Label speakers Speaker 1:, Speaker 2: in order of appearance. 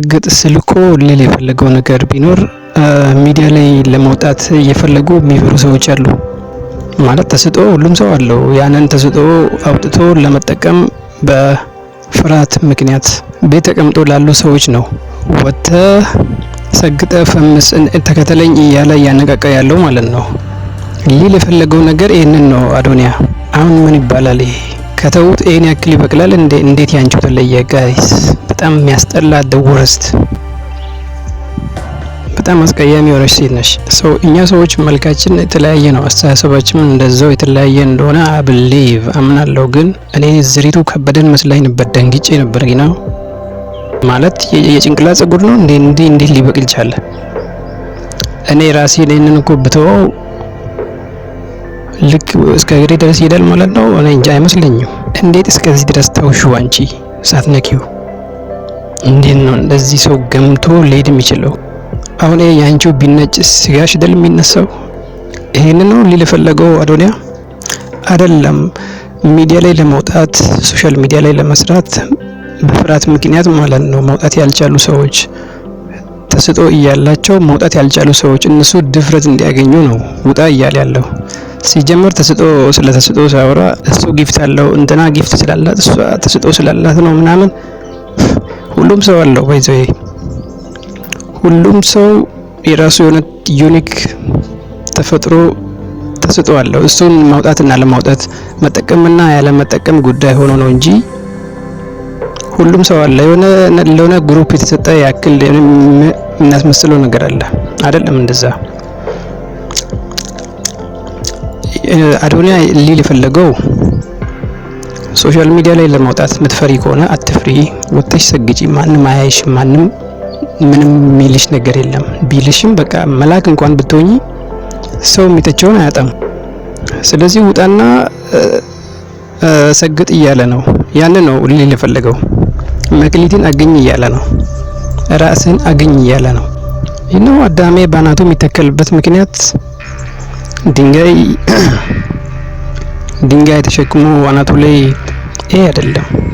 Speaker 1: በእርግጥ ስልኮ ሌላ የፈለገው ነገር ቢኖር ሚዲያ ላይ ለመውጣት እየፈለጉ የሚፈሩ ሰዎች አሉ። ማለት ተስጦ ሁሉም ሰው አለው። ያንን ተስጦ አውጥቶ ለመጠቀም በፍርሃት ምክንያት ቤት ተቀምጦ ላሉ ሰዎች ነው ወጥተ ሰግጠ ፈምስ ተከተለኝ እያለ እያነቃቃ ያለው ማለት ነው። ሊል የፈለገው ነገር ይህንን ነው። አዶኒያ አሁን ምን ይባላል? ይሄ ከተዉት ይህን ያክል ይበቅላል። እንዴት ያንቺው ተለየ ጋይስ? በጣም የሚያስጠላ ደወረስት በጣም አስቀያሚ የሆነች ሴት ነች። ሰው እኛ ሰዎች መልካችን የተለያየ ነው፣ አስተሳሰባችን እንደዛው የተለያየ እንደሆነ አብሊቭ አምናለሁ። ግን እኔ ዝሪቱ ከበደን መስላኝ ነበር፣ ደንግጬ ነበር። ነው ማለት የጭንቅላ ጸጉር ነው እንዴ? እንዲህ እንዴት ሊበቅል ቻለ? እኔ ራሴ ይህንን እኮ ብተወው ልክ እስከ እግሬ ድረስ ይሄዳል ማለት ነው። እኔ እንጃ አይመስለኝም። እንዴት እስከዚህ ድረስ ተውሹ አንቺ ሳትነኪው እንዴት ነው እንደዚህ ሰው ገምቶ ሊሄድ የሚችለው? አሁን የአንቺው ቢነጭ ስጋሽ ደል የሚነሳው ይሄን ነው ሊል የፈለገው አዶንያ አይደለም። ሚዲያ ላይ ለመውጣት ሶሻል ሚዲያ ላይ ለመስራት በፍርሃት ምክንያት ማለት ነው መውጣት ያልቻሉ ሰዎች ተስጦ እያላቸው መውጣት ያልቻሉ ሰዎች እነሱ ድፍረት እንዲያገኙ ነው ውጣ እያለ ያለው። ሲጀመር ተስጦ ስለ ተስጦ ሲያወራ እሱ ጊፍት አለው እንትና ጊፍት ስላላት እሷ ተስጦ ስላላት ነው ምናምን ሁሉም ሰው አለው ባይዘ ሁሉም ሰው የራሱ የሆነ ዩኒክ ተፈጥሮ ተሰጥኦ አለው። እሱን ማውጣትና ለማውጣት መጠቀምና ያለመጠቀም ጉዳይ ሆኖ ነው እንጂ ሁሉም ሰው አለ የሆነ ለሆነ ግሩፕ የተሰጠ ያክል የሚያስመስለው ነገር አለ አይደለም። እንደዛ አዶኒያ ሊል የፈለገው ሶሻል ሚዲያ ላይ ለመውጣት ምትፈሪ ከሆነ አትፍሪ፣ ወጥተሽ ሰግጪ። ማንም አያይሽ፣ ማንም ምንም የሚልሽ ነገር የለም። ቢልሽም በቃ መላክ እንኳን ብትሆኚ ሰው የሚተቸውን አያጣም። ስለዚህ ውጣና ሰግጥ እያለ ነው። ያን ነው ሊል የፈለገው። መክሊትን አገኝ እያለ ነው። ራስን አገኝ እያለ ነው። ይህ ነው አዳሜ በአናቱ የሚተከልበት ምክንያት ድንጋይ ድንጋይ ተሸክሞ አናቱ ላይ ይሄ አይደለም።